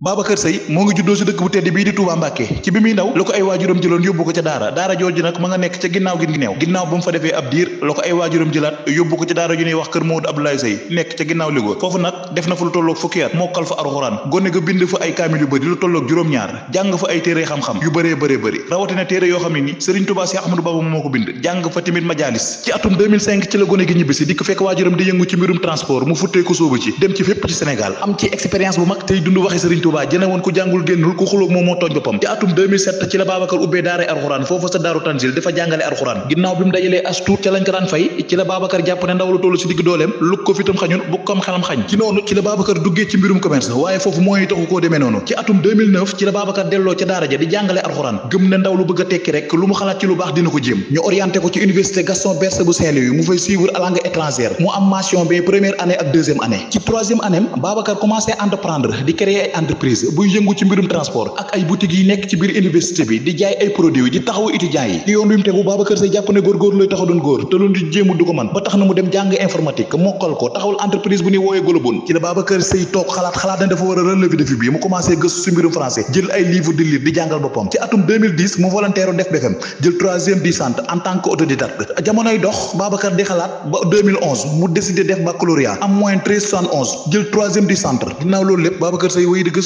Babacar Seye moo ngi juddoo si dëkk bu tedd bii di Touba Mbacké ci bi muy ndaw la ko ay waajuram jëloon yóbbu ko ca daara daara jooju nag ma nga nekk ca ginnaaw gi ginnaaw ginnaaw foofu nag def na fa lu tolloog fukki at mokkal fa alxuraan gone ga bind fa ay kaamil yu bëri lu tolloog juróom-ñaar jàng fa ay téere xam-xam yu bëree bëree bëri rawatina téere yoo xam ni Serigne Touba Cheikh Ahmadou Bamba moo ko bind jàng fa tamit majalis ci atum ci la gone gi Touba jëne ku jàngul génnul ku xuloog moom moo tooñ boppam ci atum ci la Babacar ubbee daaray alxuraan foofu sa daaru tanzil dafa jàngale alxuraan ginnaaw bi mu dajalee as ci la Babacar jàpp ne ndaw la tollu si digg dooleem lu ko fitam xañun bu kom xelam xañ ci noonu ci la Babacar duggee ci mbirum commerce waaye foofu mooy taxu koo demee noonu ci atum ci la Babacar delloo ca daara ja di jàngale alxuraan gëm ne ndaw lu bëgg tekki rek lu entreprise buy yëngu ci mbirum transport ak ay boutiques yi nekk ci biir université bi di jaay ay produits di taxawu étudiants yi ci yoon wi mu tegu Babacar Seye jàpp ne góorgóorlu lay taxa doon góor te di jéemu du ko man ba tax na mu dem jàng informatique ay livre di di jàngal boppam ci atum mu volontaire def BFM jël troisième di sant en tant que autodidacte jamonoy dox Babacar di xalaat ba mu décidé def baccalauréat am moyenne 1371 centre ginnaaw loolu lépp Babacar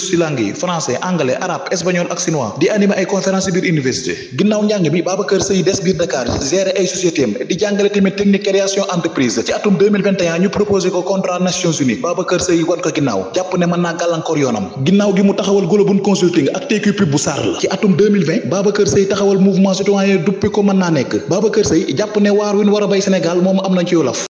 cursus yi français anglais arabe espagnol ak chinois di animer ay conférence biir université ginnaaw njàng bi Babacar Seye des biir Dakar gérer ay société di jàngale tamit technique création entreprise ci atum ñu proposé ko contrat Nations Unies Babacar Seye wan ko ginnaaw jàpp ne mën naa gàllankoor yoonam ginnaaw gi mu taxawal Globun Consulting ak TQP bu Sarr ci atum 2020 Babacar Seye taxawal mouvement citoyen duppi ko mën naa nekk Babacar